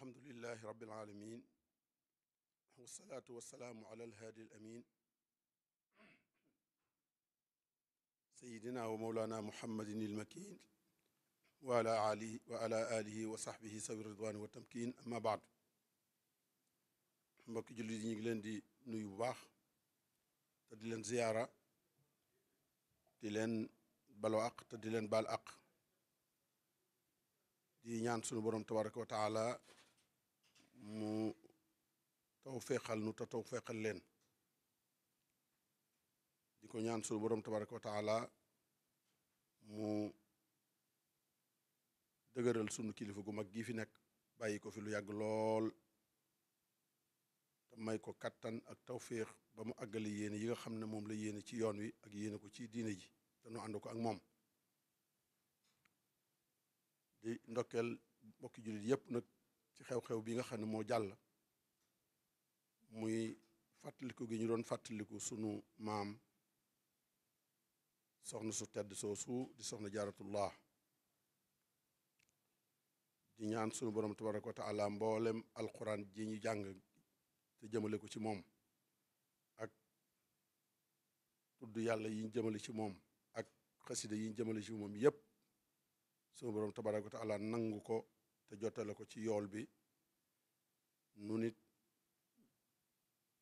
alhamdulilahi rabbil alamin wasalaatu wasalaamu ala alhaadi al amin sayidina wa mawlana muhammadin ilmakin wa ala ali wa ala alihi wa saxbihi sawi ridwani wa tamkin amma baadu mbokki jullit yi ñu ngi leen di nuyu bu baax te di leen ziyaara di leen baloo aq te di leen baal aq di ñaan sunu borom tabaraka wa taala mu taw nu te taw leen di ko ñaan suñu borom tabaraka wa taala mu dëgëral sunu kilifa gu mag gi fi nekk bàyyi ko fi lu yàgg lool te may ko kattan ak tawféex ba mu àggale yéene yi nga xam ne moom la yéene ci yoon wi ak yéene ko ci diine ji te nu ànd ko ak moom di ndokkeel mbokki jullit yépp nag ci xew-xew bi nga xam ne moo jàll muy fàttaliku gi ñu doon fàttaliku sunu maam soxna su tedd soosu di soxna jaaratullah di ñaan sunu borom tabaraka wa taala mboolem alquran ji ñu jàng te jëmale ko ci moom ak tudd yàlla yiñ ñu jëmale ci moom ak xasida yiñ ñu jëmale ci moom yépp sunu borom tabaraka wa nangu ko te jottale ko ci yool bi nu nit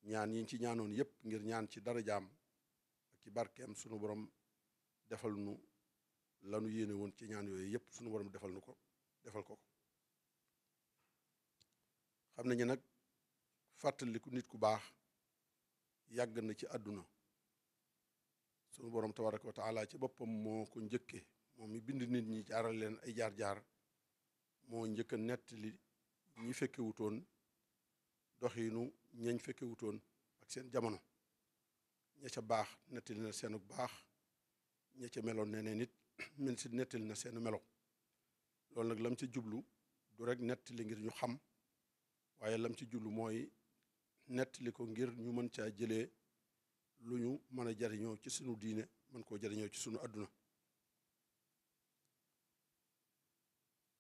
ñaan yiñ ci ñaanoon yépp ngir ñaan ci darajaam ak ci barkeem sunu borom defal nu lanu yéene woon ci ñaan yooyu yépp sunu borom defal nu ko defal ko xam nañu nag fàttaliku nit ku baax yàgg na ci àdduna sunu borom tabaraka wa ci boppam moo ko njëkke moom mi bind nit ñi jaaral leen ay jaar-jaar moo njëkk a nettali ñi fekke wutoon doxinu ñañ fekke ak seen jamono ña baax nettali na seenu baax ña ca meloon neneen nit men si na seenu melo loolu nag lam ci jublu du rek nettali ngir ñu xam waaye lam ci jublu mooy nettali ko ngir ñu mën caa jëlee lu ñu mën a jariñoo ci sunu diine mën koo jariñoo ci sunu àdduna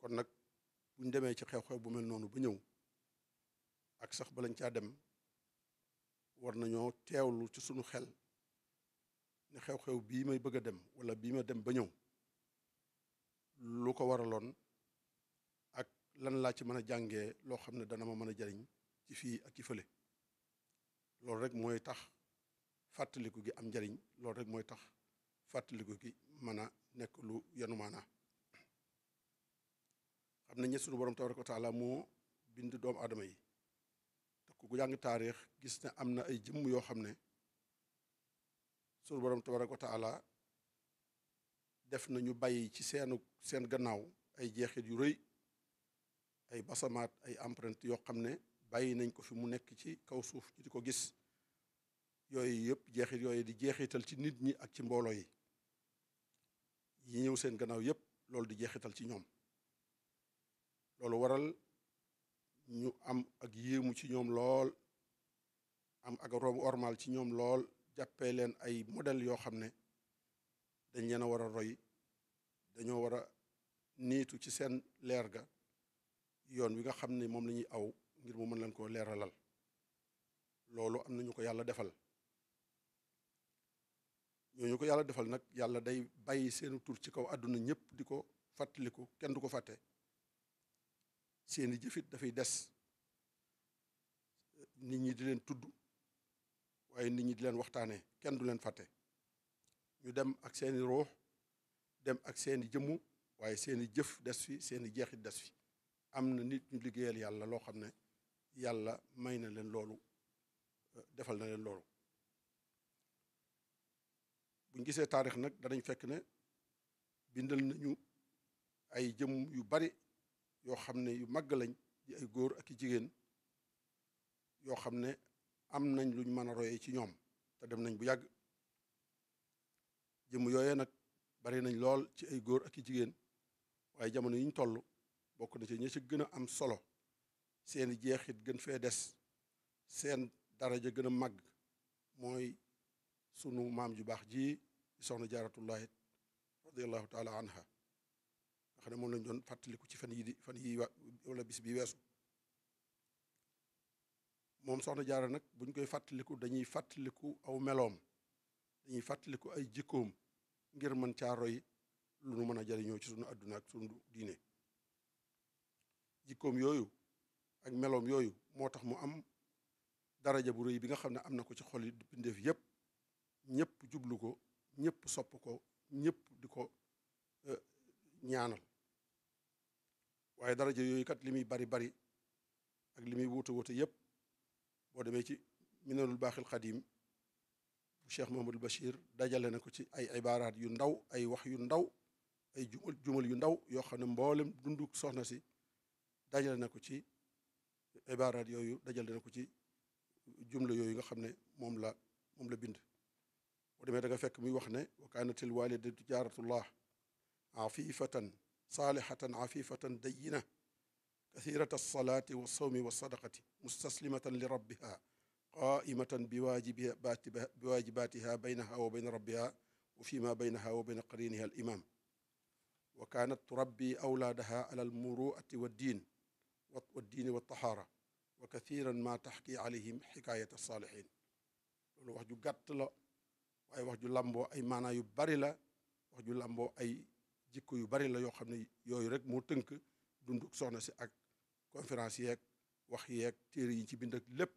kon nag bu ñu demee ci xew-xew bu mel noonu ba ñëw ak sax balañ caa dem war nañoo teewlu ci sunu xel ne xew-xew bii may bëgg a dem wala bii ma dem ba ñëw lu ko waraloon ak lan laa ci mën a jàngee loo xam ne dana ma mën a jariñ ci fii ak ci fële loolu rek mooy tax fàttaliku gi am njariñ loolu rek mooy tax fàttaliku gi mën a nekk lu yanu maanaa xam nañ ne sunu borom tabaraka wa taala moo bind doomu adama yi te ku jàng taarix gis ne am na ay jëmm yoo xam ne sunu borom tabaraka wa def na ñu bàyyi ci seenu seen gannaaw ay jeexit yu rëy ay basamaat ay empreinte yoo xam ne bàyyi nañ ko fi mu nekk ci kaw suuf ñu di ko gis yooyu yëpp jeexit yooyu di jeexital ci nit ñi ak ci mbooloo yi yi ñëw seen gannaaw yëpp loolu di jeexital ci ñoom loolu waral ñu am ak yéemu ci ñoom lool am ak rom ormal ci ñoom lool jàppee leen ay modèle yoo xam ne dañ leen a war a roy dañoo war a niitu ci seen leer ga yoon wi nga xam ne moom la ñuy aw ngir mu mën leen koo leeralal loolu am na ñu ko yàlla defal ñooñu ko yàlla defal nag yàlla day bàyyi seenu tur ci kaw àdduna ñëpp di ko fàttaliku kenn du ko fàtte seeni jëfit dafay des nit ñi di leen tudd waaye nit ñi di leen waxtaanee kenn du leen fàtte ñu dem ak seeni ruux dem ak seeni jëmm waaye seeni jëf des fi seeni jeexit des fi am na nit ñu liggéeyal yàlla loo xam ne yàlla may na leen loolu euh, defal na leen loolu buñ gisee taarix nag danañ fekk ne bindal nañu ay jëmm yu bari yoo xam ne yu màgg lañ di ay góor ak i jigéen yoo xam ne am nañ luñ mën a royee ci ñoom te dem nañ bu yàgg jëmm yooyee nag bari nañ lool ci ay góor ak i jigéen waaye jamono yi ñu toll bokk na ci ñi ci gën a am solo seeni jeexit gën fee des seen dara ja gën a màgg mooy sunu maam ju baax ji soxna jaaratullahi radiallahu taala anha xam ne moom lañ doon fàttaliku ci fan yi di fan yi wala bis bi weesu moom soxna jaara nag buñ koy fàttaliku dañuy fàttaliku aw meloom dañuy fàttaliku ay jikkoom ngir mën caa roy lu nu mën a jariñoo ci sunu àdduna ak sunu diine jikkoom yooyu ak meloom yooyu moo tax mu am daraja bu rëy bi nga xam ne am na ko ci xol yi bindeef yépp ñëpp jublu ko ñëpp sopp ko ñëpp di ko euh, ñaanal waaye daraja yooyu kat li muy bari bari ak li muy wuute wuute yépp boo demee ci minanul baaxil xadim bu cheikh mahamadul bachir dajale na ko ci ay ibaaraat yu ndaw ay wax yu ndaw ay jumal jumal yu ndaw yoo xam ne mboolem dundu soxna si dajale na ko ci ibaaraat yooyu dajale na ko ci jumla yooyu nga xam ne moom la moom la bind boo demee da nga fekk muy wax ne wa kaanatil walidatu jaaratullah afifatan saalihatan afifatan dayina kacirat alsalati walsawmi walsadaqati mustaslimatan li rabbiha qaimatan biwaajibatiha baynaha wa bayna rabbiha wa fi ma baynaha wa bayna qariniha alimam wa kanat turabbi awlaadaha ala almuruati waddin waddini waltahaara wa kaciran ma taxki alayhim xikayat alsaalihin loolu wax ju gàtt la waaye wax ju làmboo ay maanaa yu bari la wax ju làmboo ay jikko yu bari la yoo xam ne yooyu rek moo tënk dunduk soxna si ak conférence yeeg wax yeeg téere yi ci bind ak lépp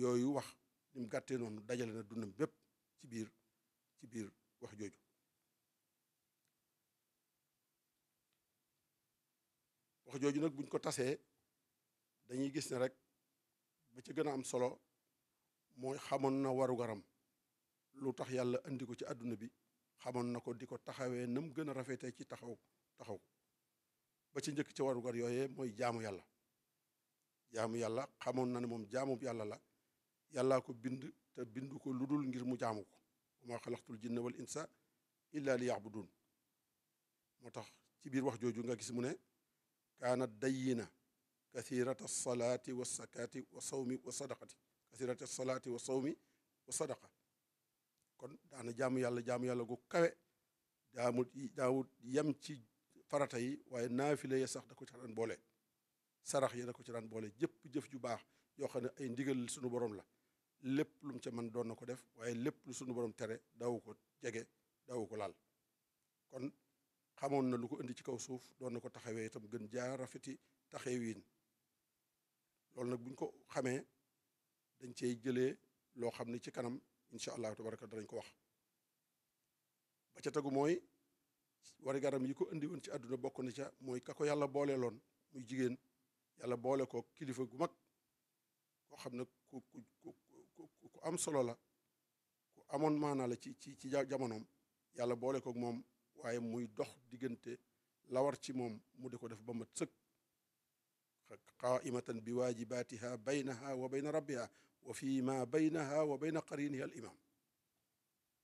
yooyu wax ni mu gàttee noonu dajale na dundam bépp ci biir ci biir wax jooju wax jooju nag buñ ko tasee dañuy gis ne rek ba ca gën a am solo mooy xamoon na warugaram lu tax yàlla indi ko ci àdduna bi xamoon na ko di ko taxawee nam gën a rafetee ci taxaw taxaw ba ci njëkk ci warugar yooyee mooy jaamu yàlla jaamu yàlla xamoon na ne moom jaamu yàlla la yàllaa ko bind te bind ko lu dul ngir mu jaamu ko wama xalaqtul jinna wal insa illa li yabudun moo tax ci biir wax jooju nga gis mu ne kaanat dayyina kathirata salaati wa sakaati wa sawmi wa sadaqati kathirata salaati wa sawmi wa sadaqa kon daana jaamu yàlla jaamu yàlla gu kawe daamut yam ci farata yi waaye naafile ya sax da ko ci boole sarax yi da ko ci daan boole jëpp jëf ju baax yoo xam ne ay ndigal suñu borom la lépp lu mu ca mën doon na ko def waaye lépp lu suñu borom tere daawu ko jege daawu ko laal kon xamoon na lu ko indi ci kaw suuf doon na ko taxawee itam gën jaar rafeti taxawiin loolu nag buñ ko xamee dañ cey jëlee loo xam ne ci kanam incha allah tabaraka danañ ko wax ba ca tegu mooy wari garam yi ko indi ci àdduna bokk na ca mooy ka ko yàlla boole loon muy jigéen yàlla boole ko kilifa gu mag koo xam ne ku ku ku ku am solo la ku amoon maanaa la ci ci ci jamonoom yàlla boole ko moom waaye muy dox diggante lawar ci moom mu di ko def ba mat sëkk qaimatan bi waajibaatiha baynaha wa bayna rabbiha wa fi ma baynaha wa bayna qariniha al imam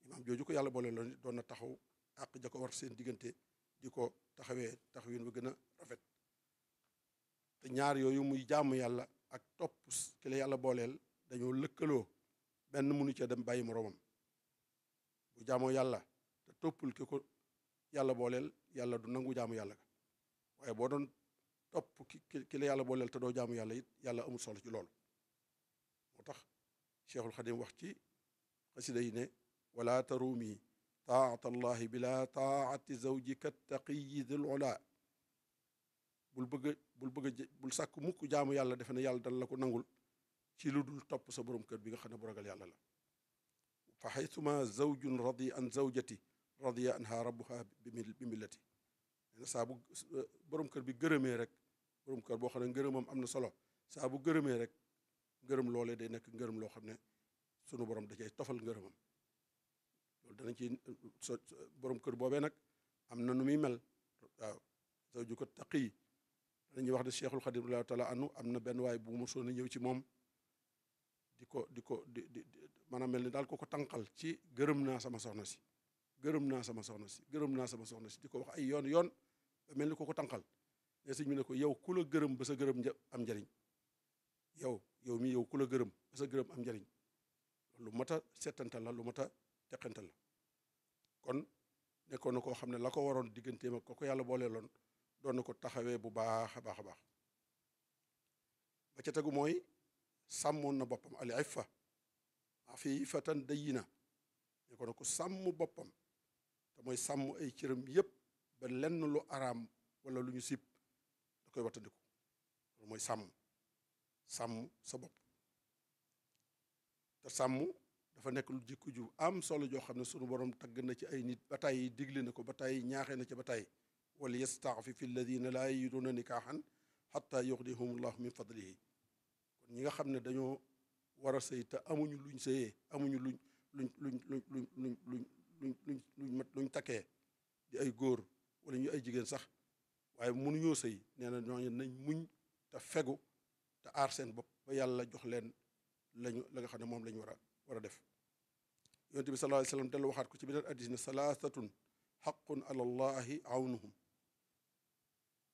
imam jooju ko yàlla boole loon doon na taxaw àq ja ko war seen diggante di ko taxawee tax taxawin ba gën a rafet te ñaar yooyu muy jaamu yàlla ak topp ki yàlla booleel dañoo lëkkaloo benn munu cee dem bàyyi moroomam bu jaamoo yàlla te toppul ki ko yàlla booleel yàlla du nangu jaamu yàlla ga waaye boo doon topp ki ki la yàlla booleel te doo jaamu yàlla it yàlla amul solo ci loolu tax cheikhul xadim wax ci xasida yi ne wala taruumi taata allahi bila taati zawjika taqiyi dul ula bul bëgg bul bëgg a bul sàkk mukk jaamu yàlla defe ne yàlla dana la ko nangul ci lu dul topp sa borom kër bi nga xam ne bu ragal yàlla la fa xaytuma zawjun radiya an zawjati radiya anha rabbuha bi millati saa bu borom kër bi gërëmee rek borom kër boo xam ne ngërëmam am na solo saa bu gërëm loole day nekk ngërëm loo xam ne sunu borom da cay gërëm ngërëmam loolu danañ ci so borom kër boobee nag am na nu muy mel waaw zawju ko taqi yi dañuy wax ne cheikhul xadim radiallahu taala anhu am na benn waay bu mosoon a ñëw ci moom di ko di ko di di maanaam mel ni daal ko ko tànqal ci gërëm naa sama soxna si gërëm naa sama soxna si gërëm naa sama soxna si di ko wax ay yoon yoon mel ni ko ko tànqal ne sëñ bi ne ko yow ku gërëm ba sa gërëm am njariñ yow yow mi yow ku la gërëm sa gërëm am njariñ lu mat a settantal la lu mat a teqantal la kon nekkoon na koo xam ne la ko waroon digganteem ak ko ko yàlla booleeloon doon na ko taxawee bu baax a baax a baax ba ca tegu mooy sàmmoon na boppam ali ay fa fii fatan dayi na nekkoon ko sàmm boppam te mooy sàmm ay cëram yépp ba lenn lu araam wala lu ñu sib da koy wattandiku mooy sàmm sàmm sa bopp te sàmm dafa nekk lu jikko ju am solo joo xam ne sunu borom tagg na ci ay nit ba tàyyi digle na ko ba tàyyi ñaaxee na ci ba tàyyi wala yastaafifi alladina laa yajiduuna nikaaxan xatta yuxnihum llahu min fadlihi kon ñi nga xam ne dañoo war a sëy te amuñu luñ sëyee amuñu luñ luñ luñ luñ luñ luñ luñ luñ luñ takkee di ay góor wala ñu ay jigéen sax waaye mënuñoo sëy neena nee na ñooñu nañ muñ te fegu te aar seen bopp ba yàlla jox leen lañu la nga xam ne moom la ñu war a war def yonent bi sallallahu alayhi wa sallam dellu waxaat ko ci beneen hadiis ne salaasatun xaqun ala allahi awnuhum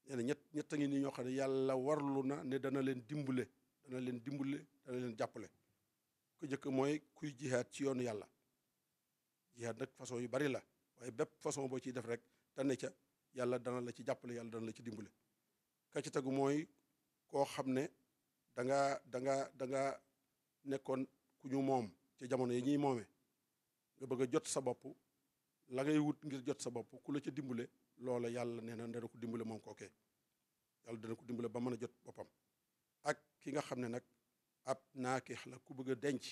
nee ñett ñett a ngi nii ñoo xam ne yàlla warlu na ne dana leen dimbale dana leen dimbale dana leen jàppale ku njëkk mooy kuy jihaad ci yoonu yàlla jihaad nag façon yu bari la waaye bépp façon boo ciy def rek tane ca yàlla dana la ci jàppale yàlla dana la ci dimbale ka ci mooy koo xam ne da nga da nga da nekkoon ku ñu moom ci jamono yi ñuy moomee nga bëgg a jot sa bopp la ngay wut ngir jot sa bopp ku la ca dimbale loola yàlla nee na dana ko dimbale moom kookee yàlla dana ko dimbale ba mën a jot boppam ak ki nga xam ne nag ab naakix la ku bëgg a denc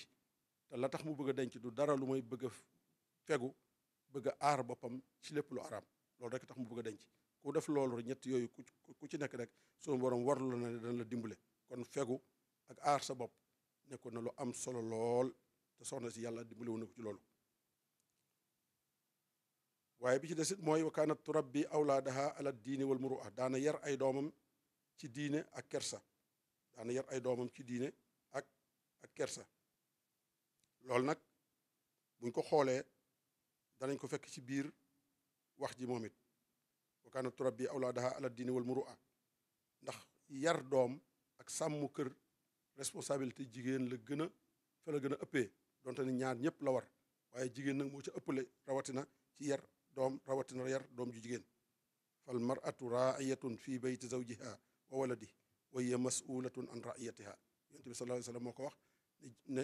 te la tax mu bëgg a denc du dara lu may bëgg a fegu bëgg aar boppam ci lépp lu araam loolu rek tax mu bëgg denc ku def loolu ñett yooyu ku ci nekk rek soo borom warlu la ne dana la dimbale kon fegu ak aar sa bopp nekkoon na lu am solo lool te soxna si yàlla dimbali na ko ci loolu waaye bi ci desit mooy wa kaanat turabbi awlaadaha ala diini wal muru'a daana yar ay doomam ci diine ak kersa daana yar ay doomam ci diine ak ak kersa loolu nag buñ ko xoolee danañ ko fekk ci biir wax ji moom it wa kaanat turabbi awlaadaha ala diini wal muru'a ndax yar doom ak sàmm kër responsabilité jigéen la gën a fa gën a ëppee donte ni ñaar ñëpp la war waaye jigéen nag moo ca ëppale rawatina ci yar doom rawatina yar doom ju jigéen fal maratu raiyatun fi bayti zawjiha wa waladi wa hiya masulatun an raiyatiha yonent bi sallallahu alayhi wasallam moo ko wax ne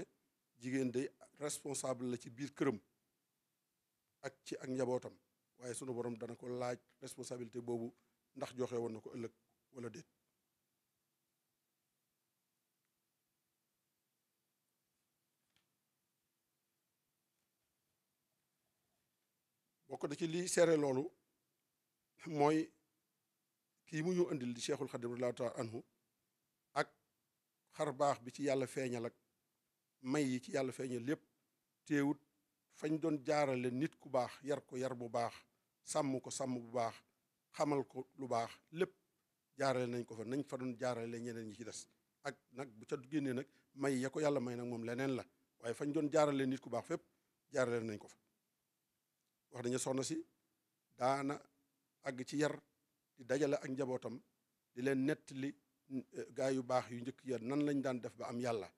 jigéen day responsable la ci biir këram ak ci ak njabootam waaye sunu borom dana ko laaj responsabilité boobu ndax joxe woon na ko ëllëg wala déet bokk na ci lii seere loolu mooy kii mu ñu indil di cheikhul xadim radiyallahu taala anhu ak xar baax bi ci yàlla feeñal ak may yi ci yàlla feeñal lépp téewut fañ doon jaaral leen nit ku baax yar ko yar bu baax sàmm ko sàmm bu baax xamal ko lu baax lépp jaarale nañ ko fa nañ fa doon jaarale ñeneen ñi ci des ak nag bu ca génnee nag may ya ko yàlla may nag moom leneen la waaye fañ doon jaaral leen nit ku baax fépp jaarale nañ ko fa wax nañu soxna si daana àgg ci yar di dajale ak njabootam di leen nettali eh, gaa yu baax yu njëkk ya nan lañ daan def ba am yàlla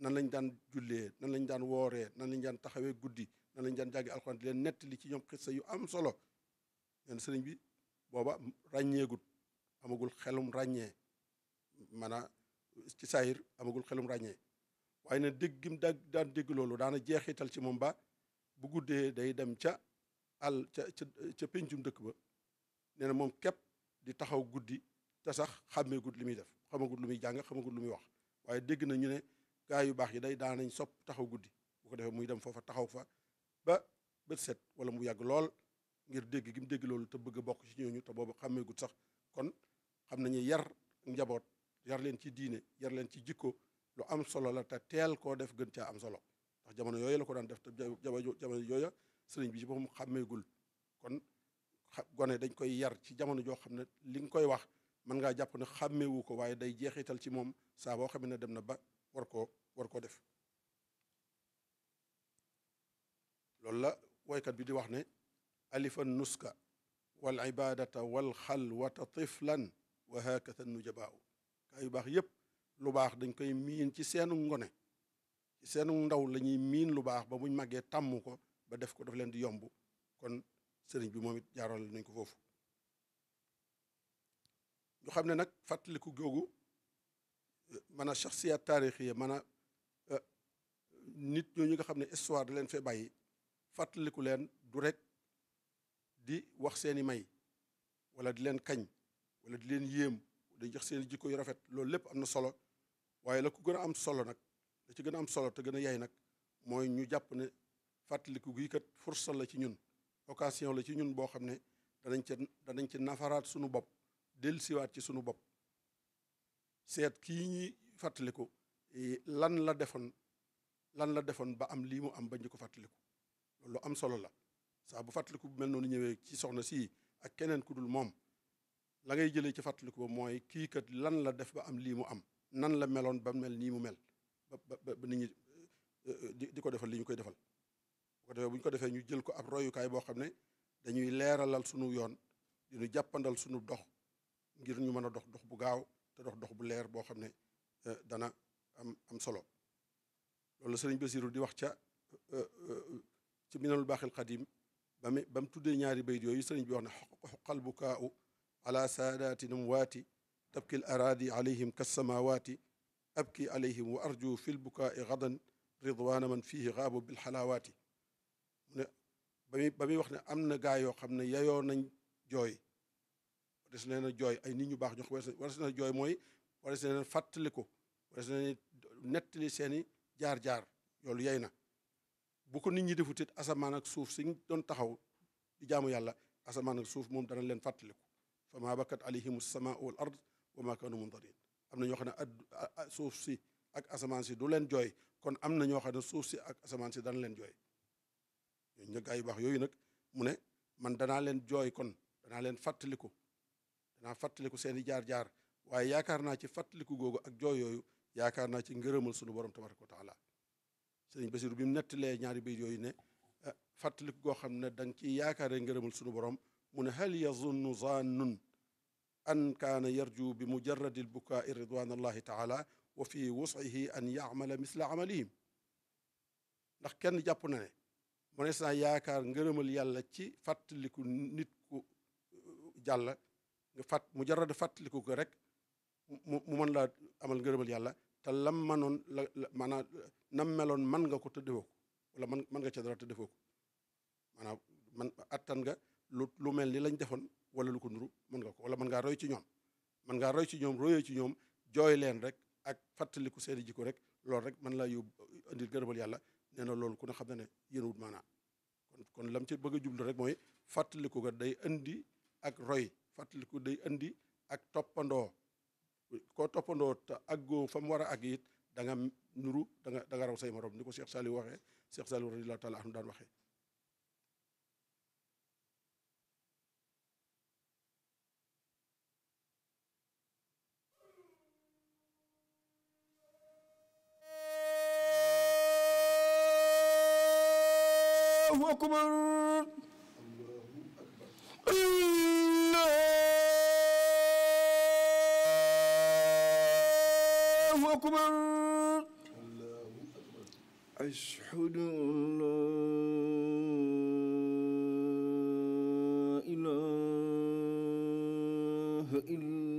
nan lañ daan jullee nan lañ daan wooree nan lañ daan taxawee guddi nan lañ daan jàngi alxuraan di leen nettali ci ñoom xissa yu am solo leen sëriñ bi booba ràññeegut amagul xelum ràññee maanaam ci saayir amagul xelum ràññee waaye na déggim daan dégg loolu daana jeexital ci moom ba bu guddee day dem ca àll ca ca ca péncum dëkk ba nee na moom képp di taxaw guddi te sax xàmmeegut li muy def xamagut lu muy jàng xamagut lu muy wax waaye dégg na ñu ne gaa yu baax yi day daanañ sopp taxaw guddi bu ko defee muy dem foofa taxaw fa ba bët set wala mu yàgg lool ngir dégg gi mu dégg loolu te bëgg bokk ci ñooñu te boobu xàmmeegut sax kon xam nañu yar njaboot yar leen ci diine yar leen ci jikko lu am solo la te teel koo def gën caa am solo ndax jamono yooyu la ko daan def te jamono yooya sëriñ bi ci boppam xàmmeegul kon gone dañ koy yar ci jamono joo xam ne li nga koy wax mën ngaa jàpp ne xàmmeewu ko waaye day jeexital ci moom saa boo xam ne dem na ba war ko war koo def loolu la woykat bi di wax ne alifa nuska wal ibadata wal xalwata tiflan wa hakata nujabaaw kaa yu baax yépp lu baax dañ koy miin ci seenu ngone ci seenu ndaw lañuy miin lu baax ba buñ màggee tàmmu ko ba def ko daf leen di yomb kon sëriñ bi moom it jaaroon nuñ ko foofu ñu xam ne nag fàttaliku googu maanaam shaxsiyaat taarix yi maanaam euh, nit ñu nga xam ne histoire da leen fee bàyyi fàttaliku leen du rek di wax seeni may wala di leen kañ wala di leen yéem di jox seeni jikko yu rafet loolu lépp am na solo waaye la ku gën a am solo nag la ci gën a am solo te gën a yaay nag mooy ñu jàpp ne fàttaliku gii kat fursa la ci ñun occasion la ci ñun boo xam ne danañ ca danañ ci nafaraat sunu bopp dellusiwaat ci sunu bopp seet kii ñuy fàttaliku eh, lan la defoon lan la defoon ba am lii mu am bañ ko fàttaliku loolu am solo la saa bu fàttaliku bu mel noonu ñëwee ci soxna sii ak keneen ku dul moom la ngay jëlee ci fàttaliku ba mooy kii kat lan la def ba am lii mu am nan la meloon ba mel nii mu mel ba ba ba eh, eh, di ko defal li ñu koy defal ko defee ñu ko defee ñu jël ko ab royukaay boo xam ne dañuy leeralal sunu yoon diñu jàppandal sunu dox ngir ñu mën a dox dox bu gaaw te dox dox bu leer boo xam ne eh, dana am solo loolu sëriñ Basiru di wax ca eh, eh, ci minanul baaxil xadim ba mu ba mu tuddee ñaari bayit yooyu sëriñ bi wax ne xoqal bukaau ala saadaati namwaati tabki l araadi alayhim kassamaawaati abki alayhim wa arju fi lbukaai gadan ridwaana man fihi gaabu bilxalaawaati ba muy ba muy wax ne am na gaa yoo xam ne yayoo nañ jooy des nee na jooy ay nit ñu baax ñu xam na jooy mooy war na fàttali ko war na nettali seeni jaar-jaar loolu yay na bu ko nit ñi defut it asamaan ak suuf si doon taxaw di jaamu yàlla asamaan ak suuf moom dana leen fàttaliku fa maa bakat alayhim samaa wal ard wa maa kaanu mundarin am na ñoo xam ne suuf si ak asamaan si du leen jooy kon am na ñoo xam ne suuf si ak asamaan si dana leen jooy ñooñu nag gaa yooyu nag mu ne man danaa leen jooy kon danaa leen fàttaliku danaa fàttaliku seen i jaar-jaar waaye yaakaar naa ci fàttaliku googu ak jooy yooyu yaakaar naa ci ngërëmal sunu borom tabaraka wa taala sëriñ Basiru bi mu nettalee ñaari bayit yooyu ne eh, fàttaliku goo xam ne da nga ciy yaakaaree ngërëmal sunu borom mu ne hal yazunnu zannun an kaana yarju bi mujaradi lbukaai ridwan allahi taala wa fi wuscihi an yacmala misla amalihim ndax kenn jàpp na ne mënees saa yaakaar ngërëmal yàlla ci fàttaliku nit ku uh, jàll nga fàtt mu jarada fàttaliku ko rek mu mu mën laa amal ngërëmal yàlla te lam manoon la maanaam uh, nam meloon man nga ko te defoo wala man man nga ca dara te defoo ko maanaam man attan nga lu lu mel ni lañ defoon wala lu ko nuru mën nga ko wala mën ngaa roy ci ñoom mën ngaa roy ci ñoom royee ci ñoom jooy leen rek ak fàttaliku seeni jikko rek loolu rek mën laa yóbbu uh, indil ngërëmal yàlla nee na loolu ku ne xam na ne yéenwut maanaa kon kon lam ci bëgg a jublu rek mooy fàttaliku ga day indi ak roy fàttaliku day indi ak toppandoo ko toppandoo te aggoo fa mu war a àgg it da nga nuru da nga da nga raw say morom ni ko Cheikh Saliou waxee Cheikh Saliou radiyallahu taala anhu daan waxee allahu akbar allahu akbar ashhadu an la ilaha illallah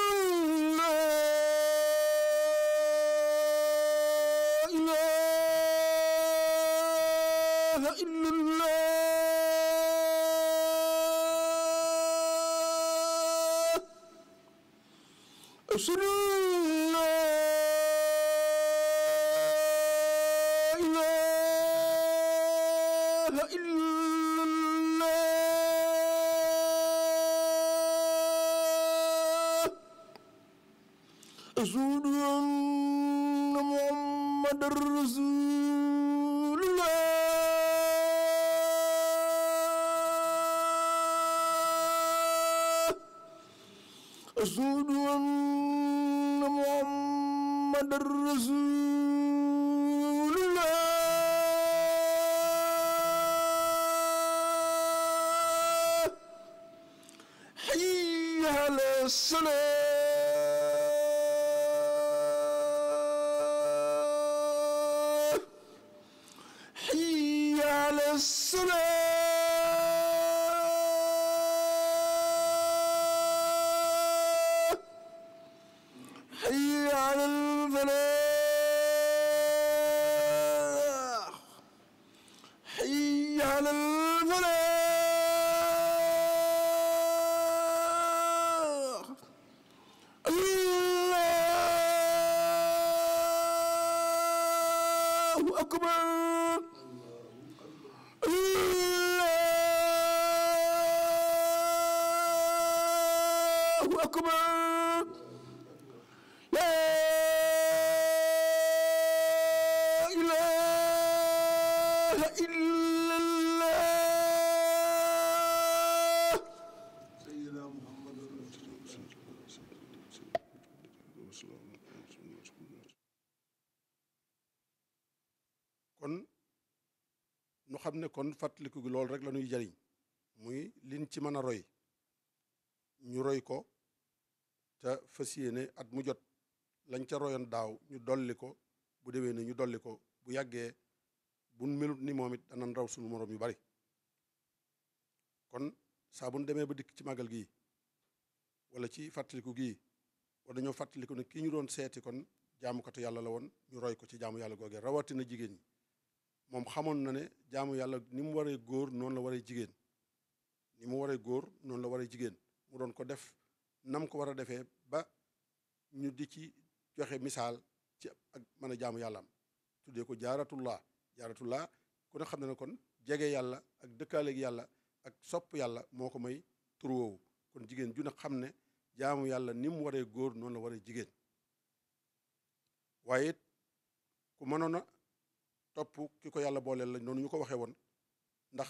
sunu Azul fàttaliku gi loolu rek la ñuy jariñ muy liñ ci mën a roy ñu roy ko te fas yéene at mu jot lañ ca royan daaw ñu dolli ko bu demee ne ñu dolli ko bu yàggee buñ melut ni moom it danañ raw suñu moroom yu bari kon saa buñ demee ba dikk ci màggal gii walla ci fàttaliku gii war dañoo fàttaliku ne kii ñu doon seeti kon jaamukatu yàlla la woon ñu roy ko ci jaamu yàlla googee rawatina jigéen ñi moom xamoon na ne jaamu yàlla ni mu waree góor noonu la waree jigéen ni mu waree góor noonu la waree jigéen mu doon ko def nam ko war a defee ba ñu di ci joxe misaal ci ak mën a yàlla yàllaam tuddee ko jaaratullah jaaratullah ku ne xam ne ne kon jege yàlla ak dëkkaaleeg yàlla ak sopp yàlla moo ko may tur woowu kon jigéen ju ne xam ne jaamu yàlla ni mu waree góor noonu la waree jigéen waaye ku mënoon topp ki ko yàlla booleel lañ noonu ñu ko waxee woon ndax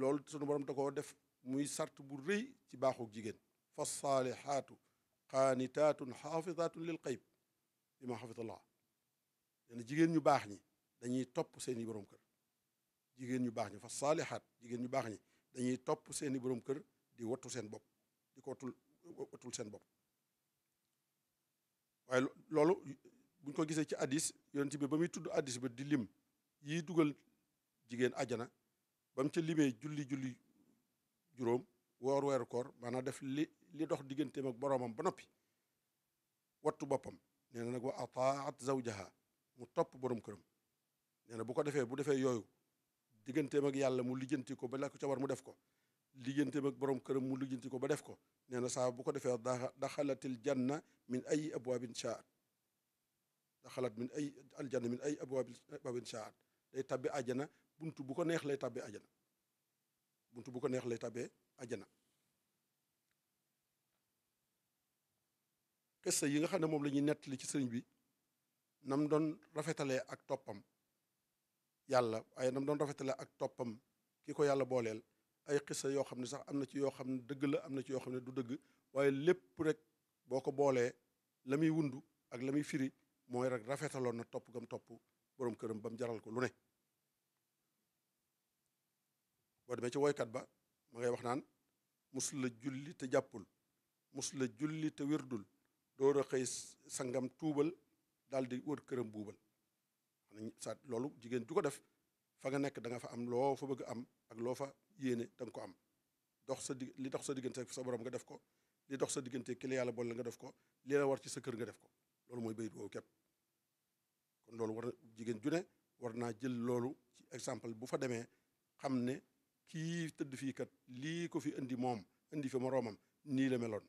loolu sunu borom da koo def muy sart bu rëy ci baaxu jigéen fa saalihaatu qaanitaatun xaafidaatun lil xayb bi ma xafidallah nee jigéen ñu baax ñi dañuy topp seeni borom kër jigéen ñu baax ñi fa saalihaat jigéen ñu baax ñi dañuy topp seeni borom kër di wattu seen bopp di ko wattul seen bopp waaye loolu buñ ko gisee ci addis yonent bi ba muy tudd addis ba di lim yi dugal jigéen ajana ba mu ca julli julli juróom woor weeru koor maanaam def li li dox diggante ak boroomam ba noppi wattu boppam nee na nag wa ataat zawjaha mu topp boroom këram nee na bu ko defee bu defee yooyu digganteem ak yàlla mu lijjanti ko ba la ko ca war mu def ko ligganteem ak boroom këram mu lijjanti ko ba def ko nee na saa bu ko defee daxalatil janna min ay abwaabin shaat daxalat min ay aljanna min ay abwaabin shaat day tabbi àjjana buntu bu ko neex lay tabbi àjjana bunt bu ko neex lay tabbee àjjana kese yi nga xam ne moom la ñuy nettali ci sëriñ bi nam doon rafetalee ak toppam yàlla waaye nam doon rafetalee ak toppam ki ko yàlla booleel ay xissa yoo xam ne sax am na ci yoo xam ne dëgg la am na ci yoo xam ne du dëgg waaye lépp rek boo ko boolee la muy wundu ak la muy firi mooy rek rafetaloon na topp gam topp borom këram ba mu jaral ko lu ne boo demee ci woykat ba ma ngay wax naan mus la julli te jàppul mus la julli te wirdul door a xëy sangam tuubal daal di wër këram buubal sa loolu jigéen du ko def fa nga nekk da nga fa am loo fa bëgg am ak loo fa yéene da nga ko am dox sa dig li dox sa diggante sa borom nga def ko li dox sa diggante ki la yàlla boole nga def ko li la war ci sa kër nga def ko loolu mooy bayit woowu képp kon loolu war jigéen ju ne war naa jël loolu ci exemple bu fa demee xam ne kii tëdd fii kat lii ko fi indi moom indi fi moroomam nii la meloon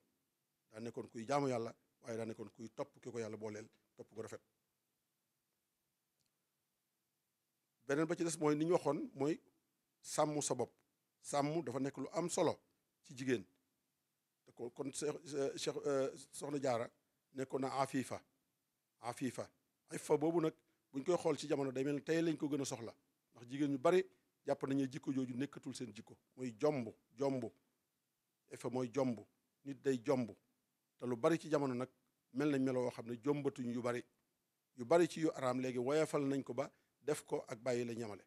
daa nekkoon kuy jaamu yàlla waaye daa nekkoon kuy topp ki ko yàlla booleel topp ko rafet beneen ba ci des mooy ni ñu waxoon mooy sàmm sa bopp sàmm dafa nekk lu am solo ci jigéen te kon Cheikh Soxna Jaara nekkoon na fii fa iffa boobu nag buñ koy xool ci jamono day mel ne tey lañ ko gën a soxla ndax jigéen ñu bari jàpp nañu jikko jooju nekkatul seen jikko mooy jomb jomb iffa mooy jomb nit day jomb te lu bari ci jamono nag mel nañ melo woo xam ne jombatuñ yu bari yu bari ci yu araam léegi woyafal nañ ko ba def ko ak bàyyi la ñamale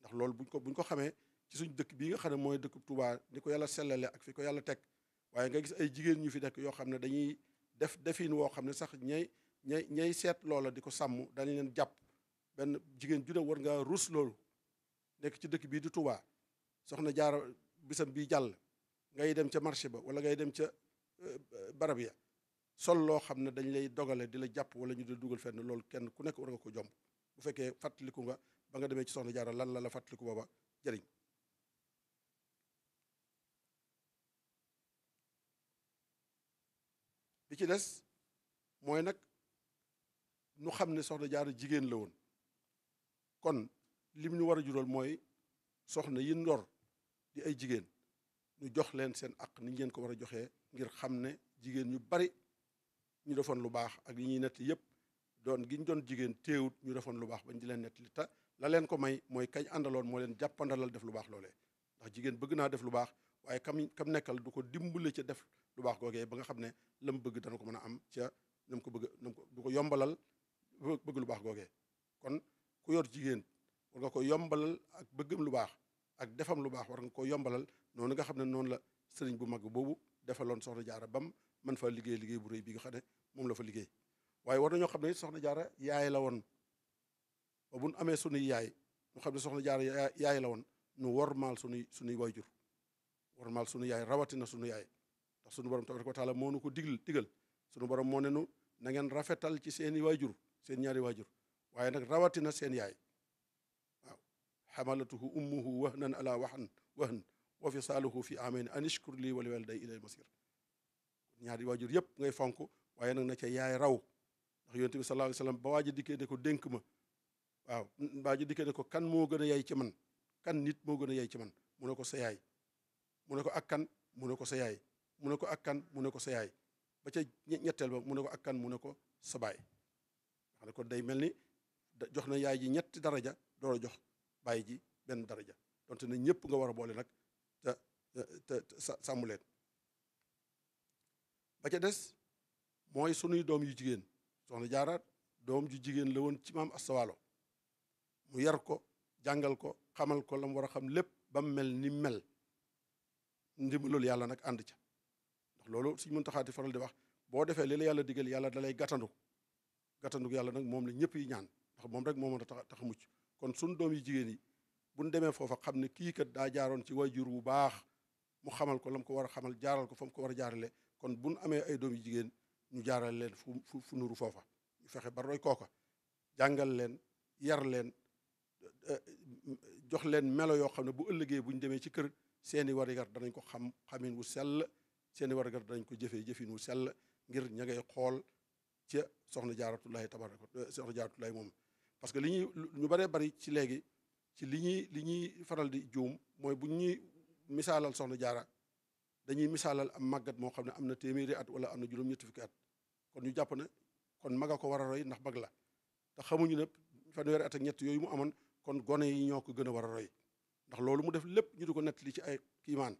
ndax loolu buñ ko buñ ko xamee ci suñ dëkk bii nga xam ne mooy dëkku Tuubaa ni ko yàlla sellale ak fi ko yàlla teg waaye nga gis ay jigéen ñu fi nekk yoo xam ne dañuy def defin woo xam ne sax ñay ñay ñay seet loola di ko sàmm dañ leen jàpp benn jigéen ju ne war ngaa ruus loolu nekk ci dëkk bii di tubaa soxna jaara bisam bii jàll ngay dem ca marché ba wala ngay dem ca euh, barab ya sol loo xam ne dañ lay dogale di la jàpp wala ñu di dugal fenn loolu kenn ku nekk war nga ko jomb bu fekkee fàttaliku nga ba nga demee ci soxna jaara lan la la fàttaliku booba jëriñ bi ci des mooy nag nu xam ne soxna jaara jigéen la woon kon lim ñu war a jural mooy soxna yi ndor di ay jigéen ñu jox leen seen ak ni ñu leen ko war a joxe ngir xam ne jigéen ñu bari ñu defoon lu baax ak yi ñu nett yëpp doon gi ñu doon jigéen téewut ñu defoon lu baax bañ di leen nett li ta la leen ko may mooy kañ àndaloon moo leen jàppandalal def lu baax loole ndax jigéen bëgg naa def lu baax waaye kam kam nekkal du ko dimbale ca def lu baax googee ba nga xam ne lam bëgg dana ko mën a am ca nam ko bëgg nam ko du ko yombalal bëgg lu baax googee kon ku yor jigéen war nga ko yombalal ak bëggam lu baax ak defam lu baax war nga ko yombalal noonu nga xam ne noonu la sëriñ bu mag boobu defaloon soxna jaara bam man fa liggéey liggéey bu réy bi nga xam ne moom la fa liggéey waaye war ñoo xam ne soxna jaara yaay la woon ba nu amee sunuy yaay ñu xam ne soxna jaara yaay la woon nu war maal sunuy sunuy wayjur war maal sunu yaay rawatina sunu yaay ndax sunu borom tabaraka wa taala moo nu ko digal digal sunu borom moo ne nu nangeen rafetal ci seeni waajur seen ñaari waajur waaye nag rawatina seen yaay waaw xamalatuhu ummuhu wahnan ala waxan wahn wa fisaaluhu fi amain an ishkur lii wa liwaliday ilal masir ñaari waajur yëpp ngay fonk waaye nag na ca yaay raw ndax yonent bi sallallahu alayhi wasallam ba waa ji dikkee ne ko dénk ma waaw waa ji dikkee ne ko kan moo gën a yay ci man kan nit moo gën a yay ci man mu ne ko sa yaay mu ne ko ak kan mu ne ko sa yaay mu ne ko ak kan mu ne ko sa yaay ba ca ñetteel ba mu ne ko ak kan mu ne ko sa baay ma ne kon day mel ni da jox na yaay ji ñetti daraja door a jox baay ji benn daraja donte na ñëpp nga war a boole nag te samuleen ba ca des mooy sunuy doom yu jigéen soxna jaara doom ju jigéen la woon ci maam astawaalo mu yar ko jàngal ko xamal ko la mu war a xam lépp ba mu mel ni mel ndimbalul yàlla nag ànd ca ndax loolu suñ mën taxaati faral di wax boo defee li la yàlla digal yàlla dalay gàttandu gàttandug yàlla nag moom la ñëpp yi ñaan ndax moom rek moo mën a tax tax mucc kon suñ doom yi jigéen yi buñ demee foofa xam ne kii kat daa jaaroon ci wayjur bu baax mu xamal ko la mu ko war a xamal jaaral ko fa mu ko war a jaarale kon buñ amee ay doom yi jigéen ñu jaaral leen fu fu nuru foofa fexe ba roy kooka jàngal leen yar leen eh, jox leen melo yoo xam ne bu ëllëgee bu ñu demee ci kër seeni war warigar danañ ko xam xamin wu sell seeni warigar danañ ko jëfee jëfin wu sell ngir ña xool ci soxna jaaratullahi tabaraka soxna jaaratullahi moom parce que li ñuy ñu baree bari ci léegi ci li ñuy li ñuy faral di juum mooy bu ñuy misaalal soxna jaara dañuy misaalal am màggat moo xam ne am na téeméeri at wala am na juróom-ñetti fukki at kon ñu jàpp ne kon maga ko war a roy ndax mag la te xamuñu ne fanweeri at ak ñett yooyu mu amoon kon gone yi ñoo ko gën a war roy ndax loolu mu def lépp ñu di ko nettali ci ay kiimaan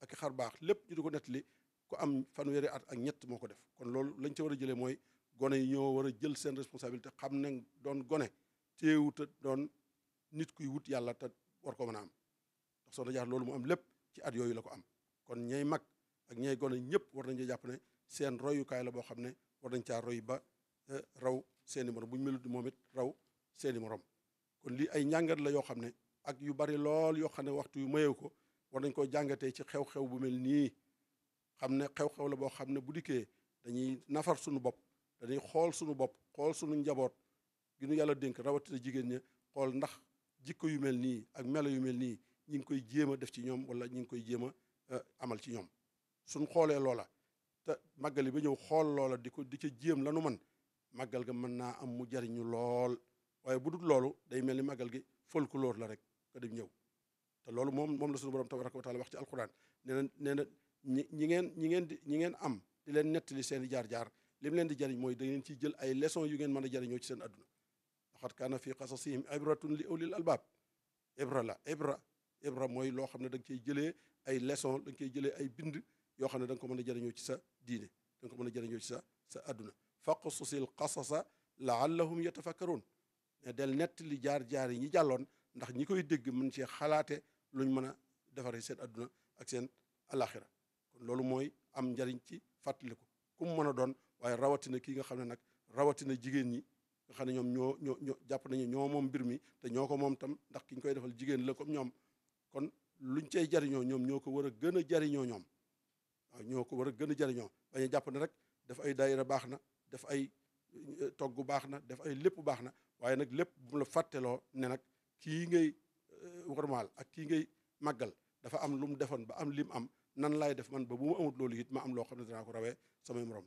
ak xar baax lépp ñu di ko nettali ku am fanweeri at ak ñett moo ko def kon loolu lañ ca war a jëlee mooy gone yi ñoo war a jël seen responsabilité xam ne doon gone teewu te doon nit kuy wut yàlla te war ko mën a am ndax soxna jaar loolu mu am lépp ci at yooyu la ko am kon ñay mag ak ñay gone ñëpp war nañ jàpp ne seen royukaay la boo xam ne war nañ caa roy ba eh, raw seeni morom bu ñu melut moom it raw i morom kon lii ay njàngat la yoo xam ne ak yu bari lool yoo xam ne waxtu yu mayew ko war nañ koo jàngatee ci xew-xew bu mel nii xam ne xew-xew la boo xam ne bu dikkee dañuy nafar suñu bopp dañuy xool suñu bopp xool suñu njaboot gi nu yàlla dénk rawatina jigéen ña xool ndax jikko yu mel nii ak melo yu mel nii ñi ngi koy jéem a def ci ñoom wala ñi ngi koy jéem a euh, amal ci ñoom suñ xoolee loola te màggal yi ba ñëw xool loola di ko di ca jéem lanu man màggal ga mën naa am mu jariñu lool waaye bu dul loolu day mel ni màggal gi loolu la rek nga dem ñëw te loolu moom moom la suñu borom tabaraka wa taala wax ci alquran nee na nee na ñi ñi ngeen ñi ngeen di ñi ngeen am di leen nettali seen i jaar-jaar li mu leen di jariñ mooy da ngeen ciy jël ay leçon yu ngeen mën a jariñoo ci seen àdduna laqad kaana fi qasasihim ibratun li ulil albaab ibra la ibra ibra mooy loo xam ne da nga cey jëlee ay leçon da nga cey jëlee ay bind yoo xam ne da nga ko mën a jariñoo ci sa diine da nga ko mën a jariñoo ci sa sa àdduna faqsusil qasasa laallahum yatafakkaroon ne del nett li jaar-jaar yi ñi jàlloon ndax ñi koy dégg mën cee xalaate luñ mën a defaree seen àdduna ak seen alaxira kon loolu mooy am njariñ ci fàttaliku ku mën a doon waaye rawatina kii nga xam ne nag rawatina jigéen ñi xam ne ñoom ñoo ñoo ñoo jàpp nañu ñoo moom mbir mi te ñoo ko moom tam ndax ki ñu koy defal jigéen la comme ñoom kon luñ cey jariñoo ñoom ñoo ko war a gën a jariñoo ñoom waaw ñoo ko war a gën a jariñoo bañ jàpp ne rek def ay daayira baax na def ay e, togg baax na def ay lépp baax na waaye nag lépp bu la fàtteloo ne nag kii ngay e, warmaal ak kii ngay màggal dafa am lu mu defoon ba am lim am nan laay def man ba bu mu amut loolu it ma am loo xam ne danaa ko rawee samay morom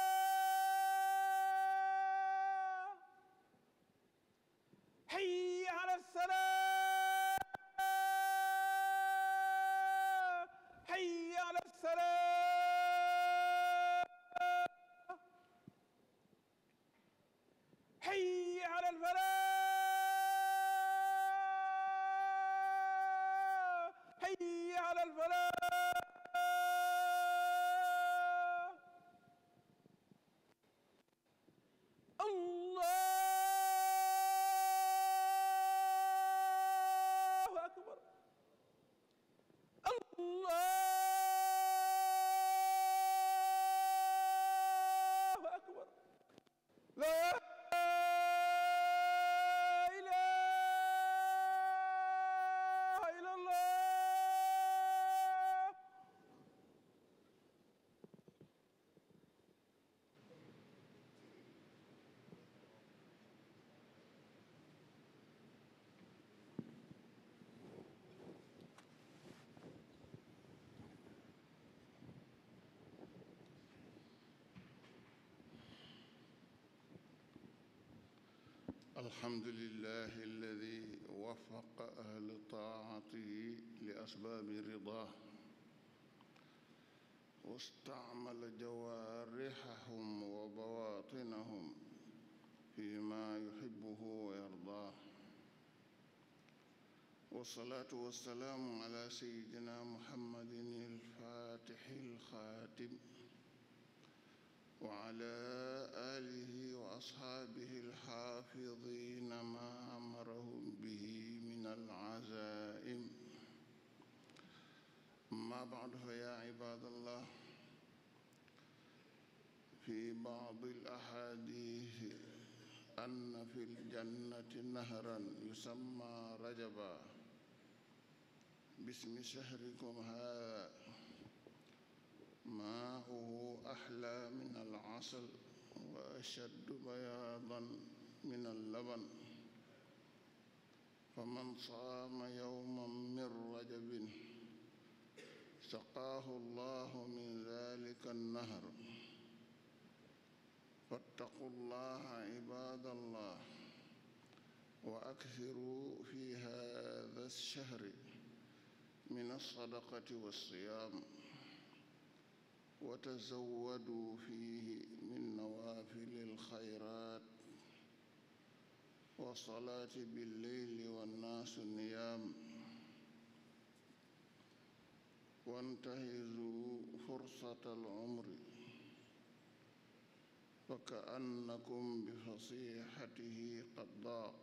الصلاة حي على الفلاح حي على الفلاح الحمد لله الذي وفق أهل طاعته لأسباب رضاه واستعمل جوارحهم وبواطنهم فيما يحبه ويرضاه والصلاة والسلام على سيدنا محمد الفاتح الخاتم وعلى آله وأصحابه الحافظين ما أمرهم به من العزائم ما بعد فيا عباد الله في بعض الأحاديث أن في الجنة نهرا يسمى رجبا باسم شهركم هذا maauhu axlaa min al-asal wa ashaddu bayaadan min al-laban faman saama yawman min rajabin saqaahu llaahu min zaalika an-nahr fattaqu llaaha ibaada llaah wa aksiruu fi haadha ash-shahri min as-sadaqati was-siyaam وتزودوا فيه من نوافل الخيرات والصلاة بالليل والناس نيام وانتهزوا فرصة العمر فكأنكم بفصيحته قد ضاق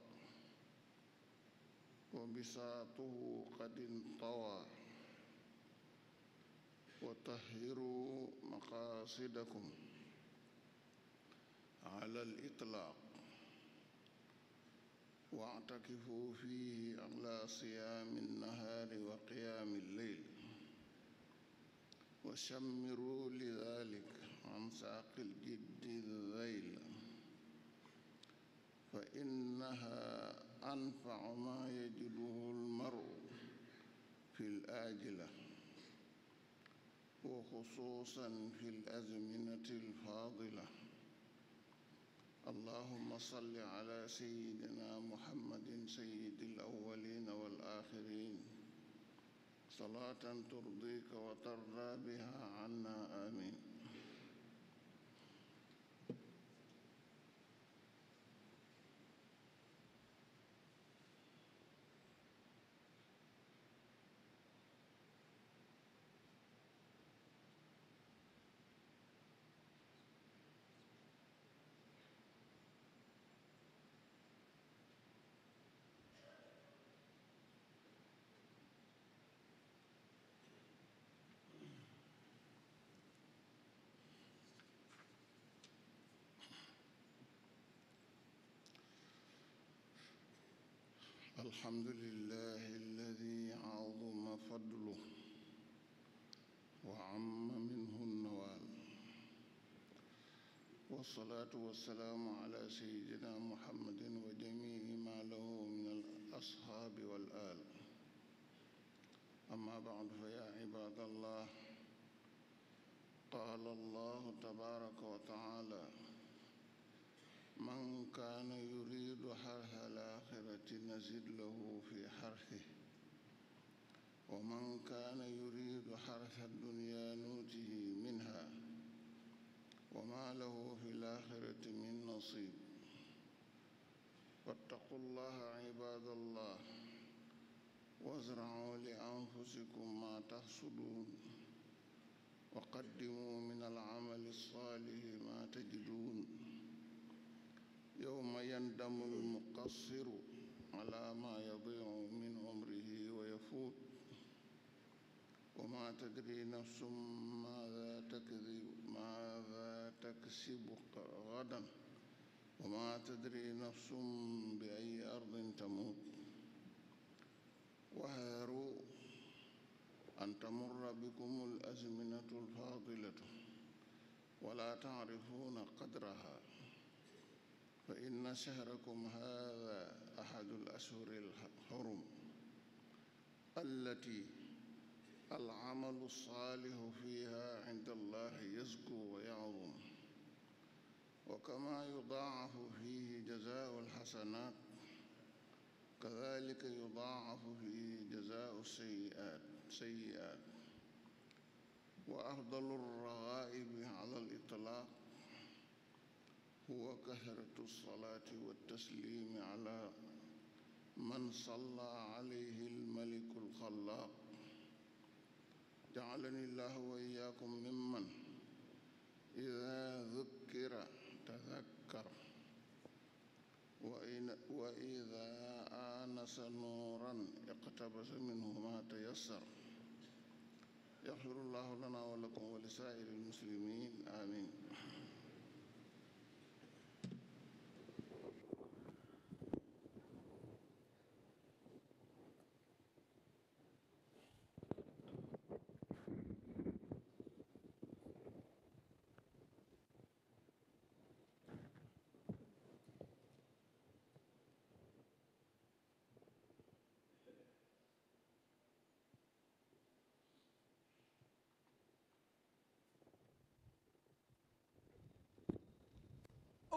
وبساطه قد انطوى وطهروا مقاصدكم على الإطلاق واعتكفوا فيه على صيام النهار وقيام الليل وشمروا لذلك عن ساق الجد الذيل فإنها أنفع ما يجده المرء في الآجلة وخصوصا في الأزمنة الفاضلة اللهم صل على سيدنا محمد سيد الأولين والآخرين صلاة ترضيك وترضى بها عنا آمين الحمد لله الذي عظم فضله وعم منه النوال والصلاة والسلام على سيدنا محمد وجميع ما له من الأصحاب والآل أما بعد فيا عباد الله قال الله تبارك وتعالى من كان يريد حرث الآخرة نزد له في حرثه ومن كان يريد حرث الدنيا نوته منها وما له في الآخرة من نصيب واتقوا الله عباد الله وازرعوا لأنفسكم ما تحصدون وقدموا من العمل الصالح ما تجدون يوم يندم المقصر على ما يضيع من عمره ويفوت وما تدري نفس ماذا تكذب ماذا تكسب غدا وما تدري نفس بأي أرض تموت وهاروا أن تمر بكم الأزمنة الفاضلة ولا تعرفون قدرها فإن شهركم هذا أحد الأشهر الحرم التي العمل الصالح فيها عند الله يزكو ويعظم وكما يضاعف فيه جزاء الحسنات كذلك يضاعف فيه جزاء السيئات سيئات وأفضل الرغائب على الإطلاق هو كثرة الصلاة والتسليم على من صلى عليه الملك الخلاق جعلني الله وإياكم ممن إذا ذكر تذكر وإذا آنس نورا اقتبس منه ما تيسر يغفر الله لنا ولكم ولسائر المسلمين آمين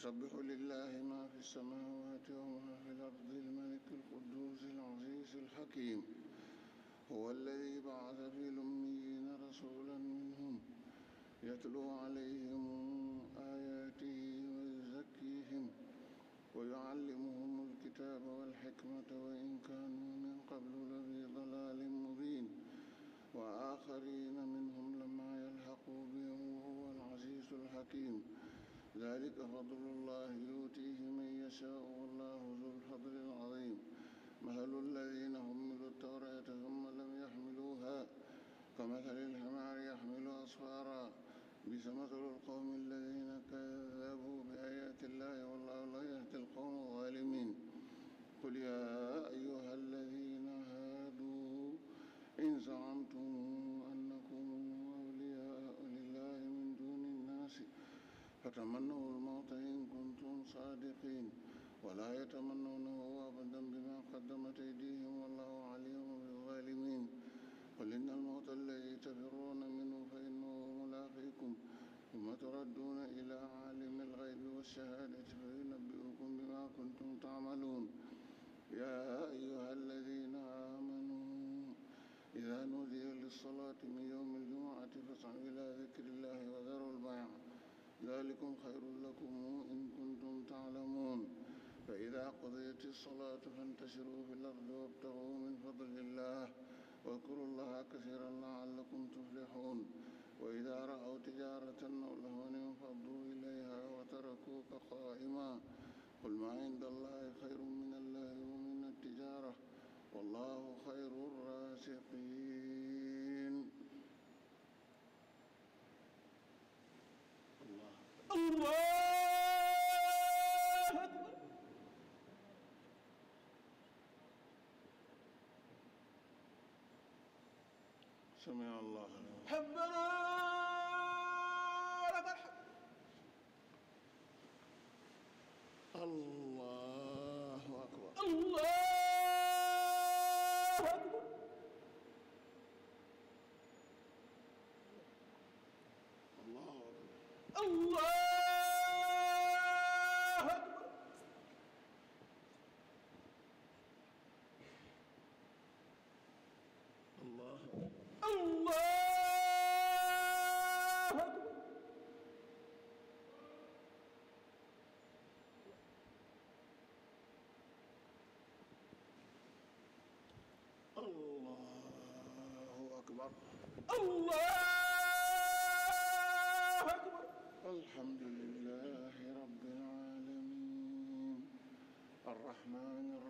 يسبح لله ما في السماوات وما في الأرض الملك القدوس العزيز الحكيم هو الذي بعث في الأميين رسولا département man الصلاة فانتشروا الله أكبر الحمد لله رب العالمين الرحمن الرحيم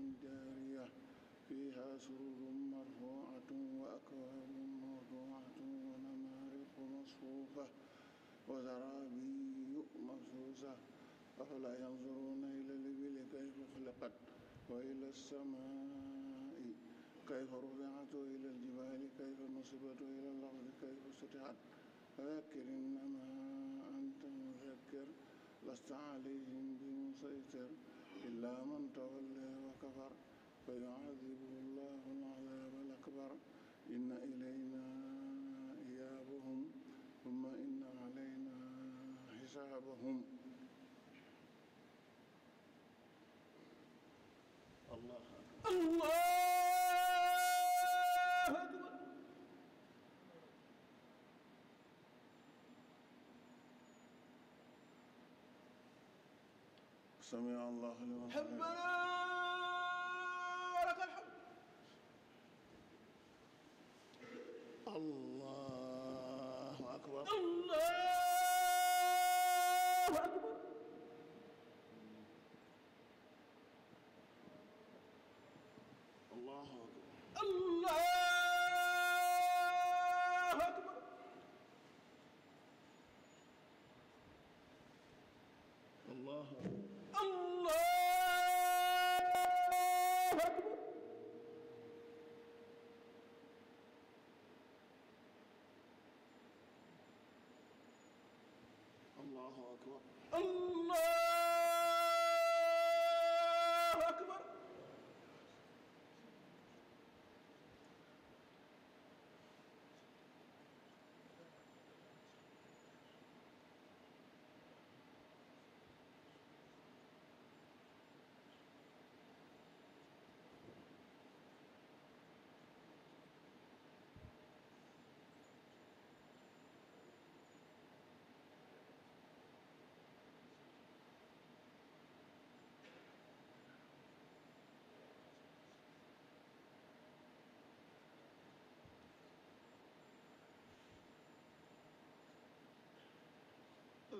فيها سرر مرفوعة وأكواب موضوعة ونمارق مصفوفة وزرابي مبثوثة أفلا ينظرون إلى الإبل كيف خلقت وإلى السماء كيف رفعت وإلى الجبال كيف نصبت وإلى الأرض كيف سطحت فذكر إنما أنت مذكر لست عليهم بمسيطر إلا من تولى وكفر فيعذبه الله العذاب الأكبر إن إلينا إيابهم ثم إن علينا حسابهم الله الله أكبر سمع الله لمن حمده الله أكبر الله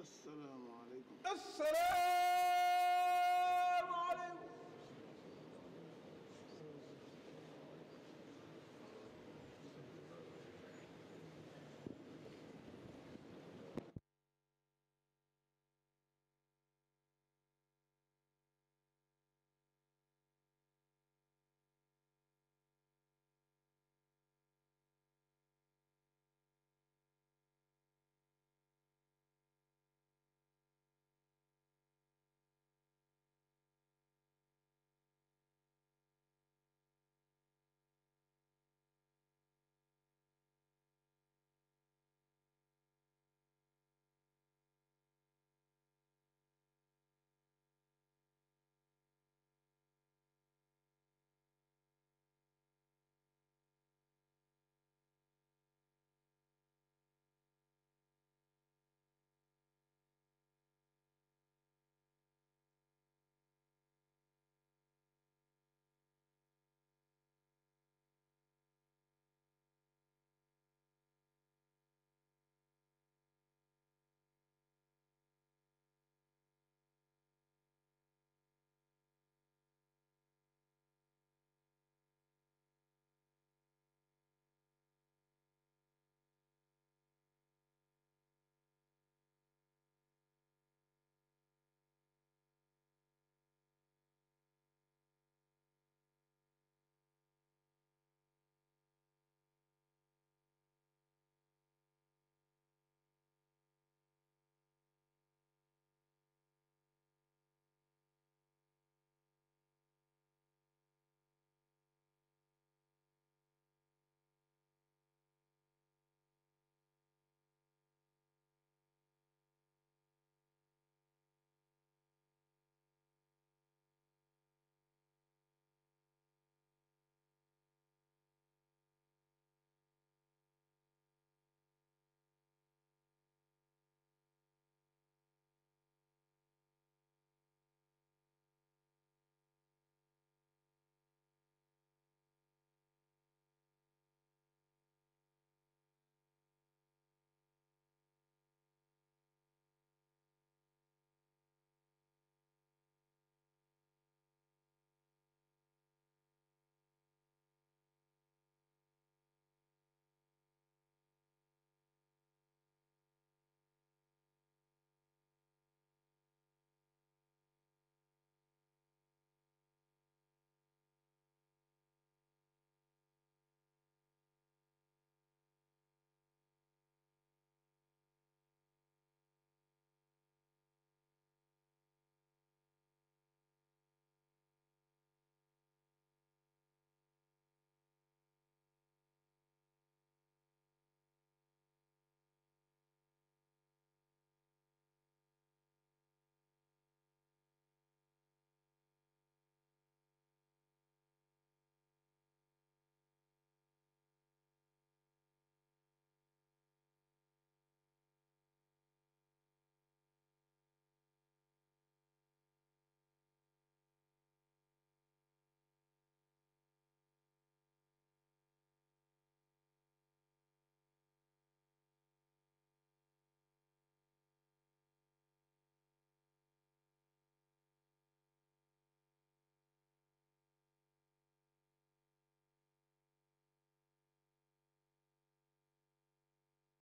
assalaamu aleykum